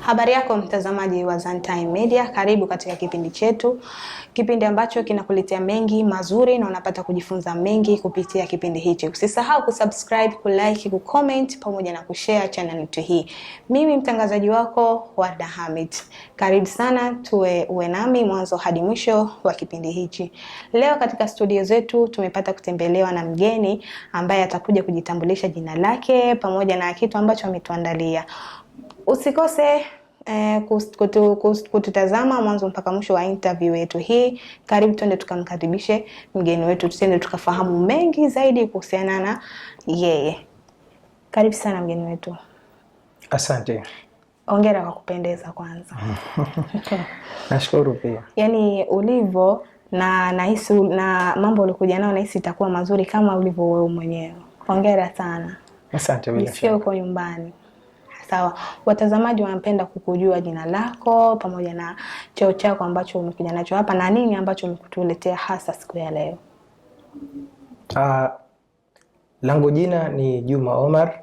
Habari yako mtazamaji wa Zantime Media, karibu katika kipindi chetu, kipindi ambacho kinakuletea mengi mazuri na unapata kujifunza mengi kupitia kipindi hichi. Usisahau kusubscribe, kulike, kucomment pamoja na kushare channel yetu hii. Mimi mtangazaji wako Warda Hamid, karibu sana, tuwe uwe nami mwanzo hadi mwisho wa kipindi hichi. Leo katika studio zetu tumepata kutembelewa na mgeni ambaye atakuja kujitambulisha jina lake pamoja na kitu ambacho ametuandalia. Usikose eh, kutu, kutu, kututazama mwanzo mpaka mwisho wa interview yetu hii. Karibu tuende tukamkaribishe mgeni wetu, tuende tukafahamu mengi zaidi kuhusiana na yeye. Karibu sana mgeni wetu. Asante. Ongera kwa kupendeza kwanza. Nashukuru pia. Yaani ulivyo na nahisi na mambo ulikuja nao nahisi itakuwa mazuri kama ulivyo wewe mwenyewe. Hongera sana. Asante bila shaka. Uko nyumbani sawa. Watazamaji wanapenda kukujua jina lako pamoja na cheo chako ambacho umekuja nacho hapa na nini ambacho umekutuletea hasa siku ya leo. Uh, langu jina ni Juma Omar,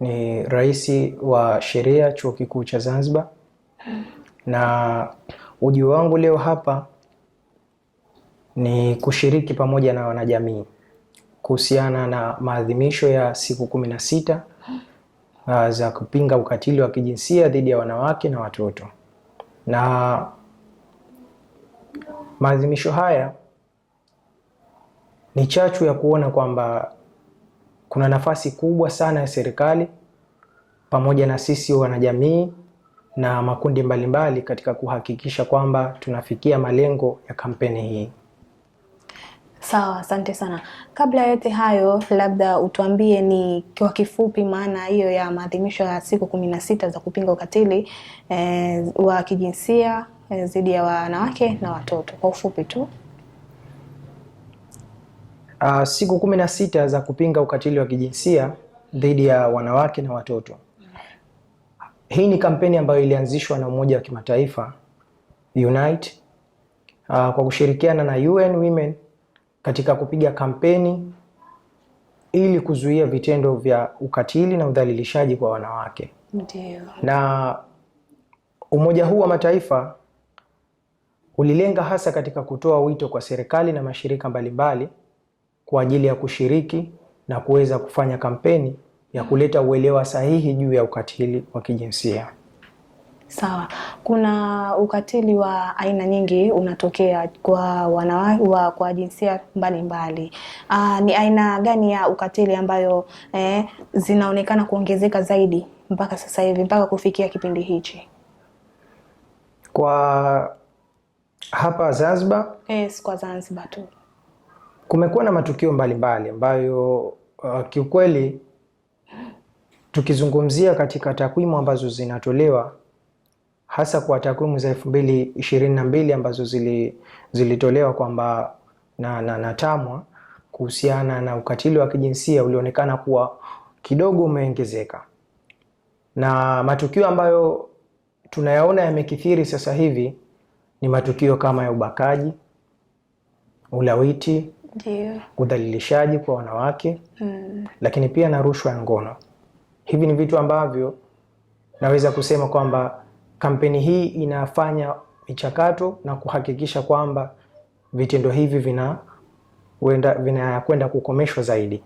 ni rais wa sheria chuo kikuu cha Zanzibar na ujio wangu leo hapa ni kushiriki pamoja na wanajamii kuhusiana na maadhimisho ya siku kumi na sita uh, za kupinga ukatili wa kijinsia dhidi ya wanawake na watoto. Na maadhimisho haya ni chachu ya kuona kwamba kuna nafasi kubwa sana ya serikali pamoja na sisi wanajamii na makundi mbalimbali mbali katika kuhakikisha kwamba tunafikia malengo ya kampeni hii. Sawa, asante sana. Kabla ya yote hayo, labda utuambie ni kwa kifupi maana hiyo ya maadhimisho ya siku kumi na sita za kupinga ukatili eh, wa kijinsia eh, dhidi eh, ya wanawake na watoto kwa ufupi tu. Uh, siku kumi na sita za kupinga ukatili wa kijinsia dhidi ya wanawake na watoto. Hii ni kampeni ambayo ilianzishwa na Umoja wa Kimataifa Unite, uh, kwa kushirikiana na UN Women katika kupiga kampeni ili kuzuia vitendo vya ukatili na udhalilishaji kwa wanawake. Ndiyo. Na umoja huu wa mataifa ulilenga hasa katika kutoa wito kwa serikali na mashirika mbalimbali kwa ajili ya kushiriki na kuweza kufanya kampeni ya kuleta uelewa sahihi juu ya ukatili wa kijinsia. Sawa, kuna ukatili wa aina nyingi unatokea kwa wanawake wa, kwa jinsia mbalimbali. Aa, ah, ni aina gani ya ukatili ambayo eh, zinaonekana kuongezeka zaidi mpaka sasa hivi mpaka kufikia kipindi hichi kwa hapa Zanzibar? Yes, kwa Zanzibar tu kumekuwa na matukio mbalimbali ambayo mbali, uh, kiukweli tukizungumzia katika takwimu ambazo zinatolewa hasa kwa takwimu za 2022 ambazo zilitolewa kwamba na, na, na TAMWA kuhusiana na ukatili wa kijinsia ulionekana kuwa kidogo umeongezeka, na matukio ambayo tunayaona yamekithiri sasa hivi ni matukio kama ya ubakaji, ulawiti, udhalilishaji kwa wanawake mm. lakini pia na rushwa ya ngono. Hivi ni vitu ambavyo naweza kusema kwamba Kampeni hii inafanya michakato na kuhakikisha kwamba vitendo hivi vinakwenda vina kukomeshwa zaidi.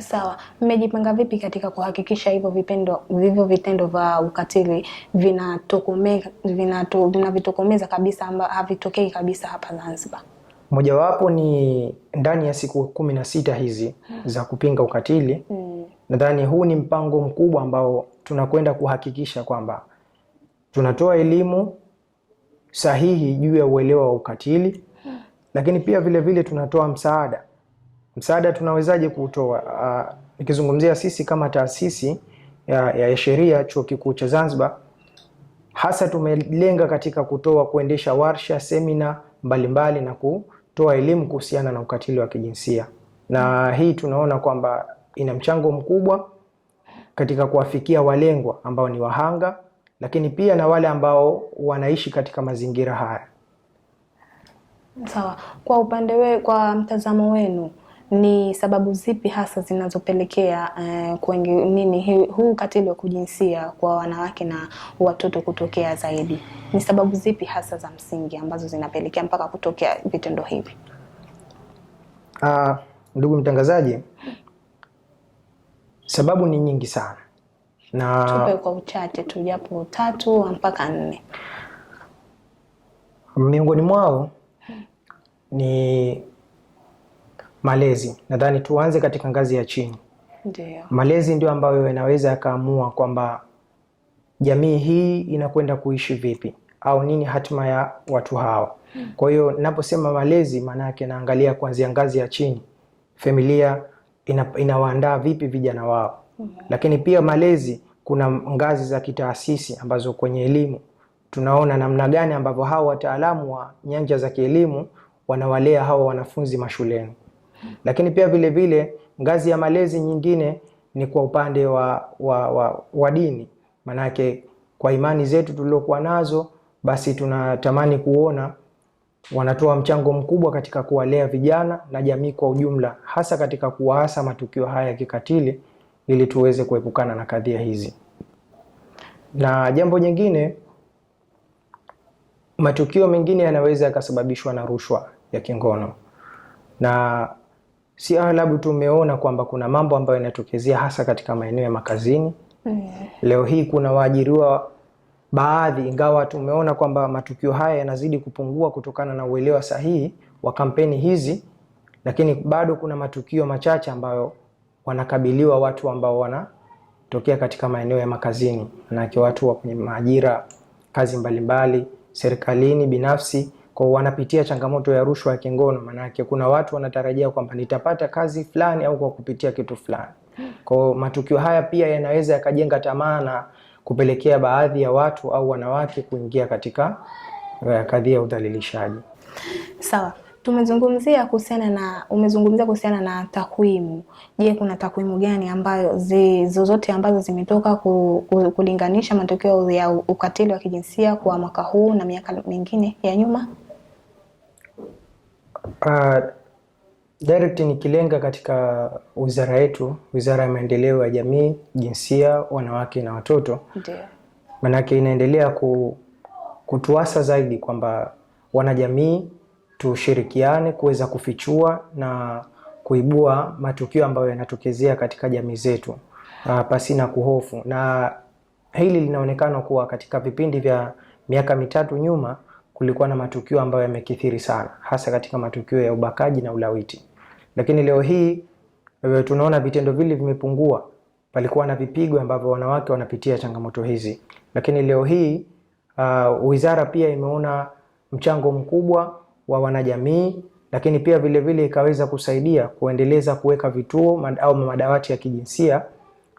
Sawa, mmejipanga vipi katika kuhakikisha hivyo vipendo hivyo vitendo vya ukatili vinatokomeza vinato, vinavitokomeza kabisa amba havitokei kabisa hapa Zanzibar? Mojawapo ni ndani ya siku kumi na sita hizi hmm, za kupinga ukatili hmm. Nadhani huu ni mpango mkubwa ambao tunakwenda kuhakikisha kwamba tunatoa elimu sahihi juu ya uelewa wa ukatili, lakini pia vile vile tunatoa msaada. Msaada tunawezaje kuutoa? Ah, nikizungumzia sisi kama taasisi ya, ya sheria Chuo Kikuu cha Zanzibar, hasa tumelenga katika kutoa kuendesha warsha, semina mbalimbali na kutoa elimu kuhusiana na ukatili wa kijinsia, na hii tunaona kwamba ina mchango mkubwa katika kuwafikia walengwa ambao ni wahanga lakini pia na wale ambao wanaishi katika mazingira haya. Sawa. Kwa upande we, kwa mtazamo wenu ni sababu zipi hasa zinazopelekea eh, nini huu ukatili wa kujinsia kwa wanawake na watoto kutokea zaidi? Ni sababu zipi hasa za msingi ambazo zinapelekea mpaka kutokea vitendo hivi? Ah, ndugu mtangazaji, sababu ni nyingi sana na tupe kwa uchache tu japo tatu mpaka nne. Miongoni mwao ni malezi. Nadhani tuanze katika ngazi ya chini. Ndiyo. Malezi ndio ambayo yanaweza yakaamua kwamba jamii hii inakwenda kuishi vipi au nini hatima ya watu hawa. Kwa hiyo naposema malezi, maana yake naangalia kuanzia ngazi ya chini, familia inawaandaa vipi vijana wao lakini pia malezi, kuna ngazi za kitaasisi ambazo kwenye elimu tunaona namna gani ambavyo hawa wataalamu wa nyanja za kielimu wanawalea hawa wanafunzi mashuleni. Lakini pia vile vile ngazi ya malezi nyingine ni kwa upande wa, wa, wa, wa dini, manake kwa imani zetu tuliokuwa nazo, basi tunatamani kuona wanatoa mchango mkubwa katika kuwalea vijana na jamii kwa ujumla, hasa katika kuwaasa matukio haya ya kikatili ili tuweze kuepukana na kadhia hizi. Na jambo jingine, matukio mengine yanaweza yakasababishwa na rushwa ya kingono, na si ajabu tumeona kwamba kuna mambo ambayo yanatokezea hasa katika maeneo ya makazini. Eh. Leo hii kuna waajiriwa baadhi, ingawa tumeona kwamba matukio haya yanazidi kupungua kutokana na uelewa sahihi wa kampeni hizi, lakini bado kuna matukio machache ambayo wanakabiliwa watu ambao wanatokea katika maeneo ya makazini, manake watu wa kwenye maajira, kazi mbalimbali mbali, serikalini, binafsi kwa wanapitia changamoto ya rushwa ya kingono. Maanake kuna watu wanatarajia kwamba nitapata kazi fulani au kwa kupitia kitu fulani. Kwa matukio haya pia yanaweza yakajenga tamaa na kupelekea baadhi ya watu au wanawake kuingia katika eh, kadhia ya udhalilishaji. Sawa tumezungumzia kuhusiana na umezungumzia kuhusiana na takwimu. Je, kuna takwimu gani ambayo zi, zozote ambazo zimetoka ku, ku, kulinganisha matokeo ya ukatili wa kijinsia kwa mwaka huu na miaka mingine ya nyuma? Uh, direct nikilenga katika wizara yetu, Wizara ya Maendeleo ya Jamii, Jinsia, Wanawake na Watoto, ndio maanake inaendelea ku, kutuasa zaidi kwamba wanajamii tushirikiane kuweza kufichua na kuibua matukio ambayo yanatokezea katika jamii zetu ah, pasina kuhofu. Na hili linaonekana kuwa katika vipindi vya miaka mitatu nyuma kulikuwa na matukio ambayo yamekithiri sana, hasa katika matukio ya ubakaji na ulawiti, lakini leo hii eh, tunaona vitendo vile vimepungua. Palikuwa na vipigo ambavyo wanawake wanapitia changamoto hizi, lakini leo hii uh, wizara pia imeona mchango mkubwa wa wanajamii, lakini pia vilevile ikaweza kusaidia kuendeleza kuweka vituo au madawati ya kijinsia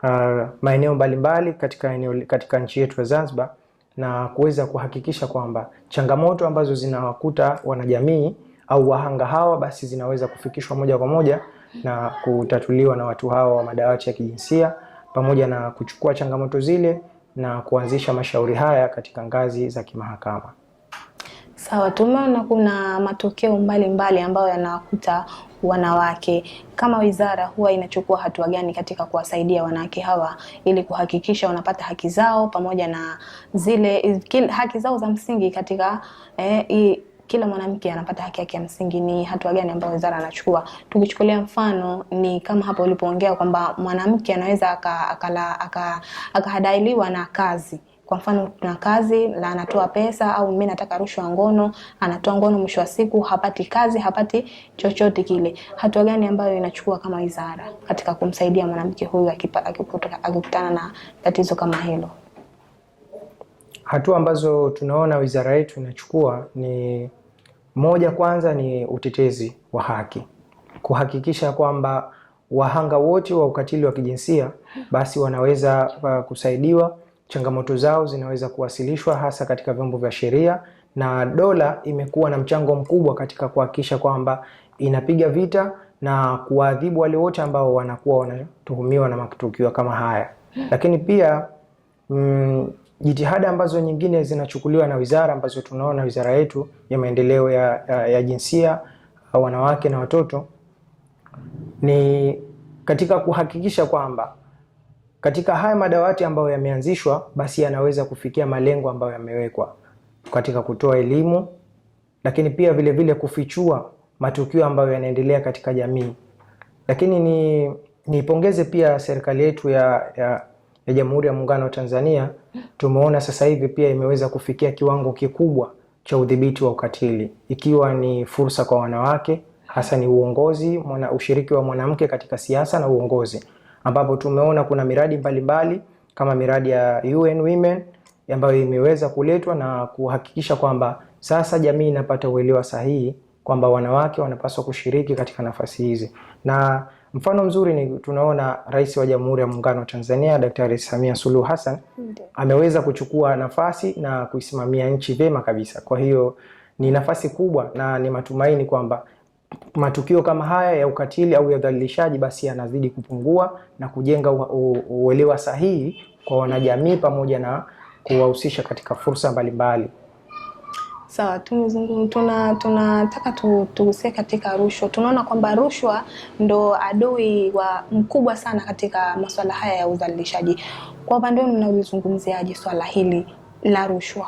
uh, maeneo mbalimbali katika eneo, katika nchi yetu ya Zanzibar na kuweza kuhakikisha kwamba changamoto ambazo zinawakuta wanajamii au wahanga hawa basi zinaweza kufikishwa moja kwa moja na kutatuliwa na watu hawa wa madawati ya kijinsia pamoja na kuchukua changamoto zile na kuanzisha mashauri haya katika ngazi za kimahakama. Sawa, tumeona kuna matokeo mbalimbali mbali ambayo yanawakuta wanawake. Kama wizara huwa inachukua hatua gani katika kuwasaidia wanawake hawa ili kuhakikisha wanapata haki zao pamoja na zile haki zao za msingi katika eh, i, kila mwanamke anapata haki yake ya msingi. Ni hatua gani ambayo wizara anachukua? Tukichukulia mfano ni kama hapo ulipoongea kwamba mwanamke anaweza akahadailiwa aka, aka na kazi kwa mfano tuna kazi na anatoa pesa, au mimi nataka rushwa ngono, anatoa ngono, mwisho wa siku hapati kazi, hapati chochote kile. Hatua gani ambayo inachukua kama wizara katika kumsaidia mwanamke huyu akikutana na tatizo kama hilo? Hatua ambazo tunaona wizara yetu inachukua ni moja, kwanza ni utetezi wa haki, kuhakikisha kwamba wahanga wote wa ukatili wa kijinsia basi wanaweza uh, kusaidiwa changamoto zao zinaweza kuwasilishwa hasa katika vyombo vya sheria, na dola imekuwa na mchango mkubwa katika kuhakikisha kwamba inapiga vita na kuwaadhibu wale wote ambao wanakuwa wanatuhumiwa na matukio kama haya. Lakini pia mm, jitihada ambazo nyingine zinachukuliwa na wizara ambazo tunaona wizara yetu ya maendeleo ya, ya, ya jinsia, wanawake na watoto ni katika kuhakikisha kwamba katika haya madawati ambayo yameanzishwa, basi yanaweza kufikia malengo ambayo yamewekwa katika kutoa elimu, lakini pia vile vile kufichua matukio ambayo yanaendelea katika jamii. Lakini ni nipongeze pia serikali yetu ya, ya, ya Jamhuri ya Muungano wa Tanzania. Tumeona sasa hivi pia imeweza kufikia kiwango kikubwa cha udhibiti wa ukatili, ikiwa ni fursa kwa wanawake, hasa ni uongozi mwana, ushiriki wa mwanamke katika siasa na uongozi ambapo tumeona kuna miradi mbalimbali mbali, kama miradi ya UN Women ambayo imeweza kuletwa na kuhakikisha kwamba sasa jamii inapata uelewa sahihi kwamba wanawake wanapaswa kushiriki katika nafasi hizi, na mfano mzuri ni tunaona Rais wa Jamhuri ya Muungano wa Tanzania Daktari Samia Suluhu Hassan ameweza kuchukua nafasi na kuisimamia nchi vema kabisa. Kwa hiyo ni nafasi kubwa na ni matumaini kwamba matukio kama haya ya ukatili au ya udhalilishaji basi yanazidi kupungua na kujenga uelewa sahihi kwa wanajamii pamoja na kuwahusisha katika fursa mbalimbali. Sawa, tunataka tuna, tuna, tuguse katika rushwa. Tunaona kwamba rushwa ndo adui wa mkubwa sana katika masuala haya ya udhalilishaji. Kwa upande wenu mnalizungumziaje swala hili la rushwa?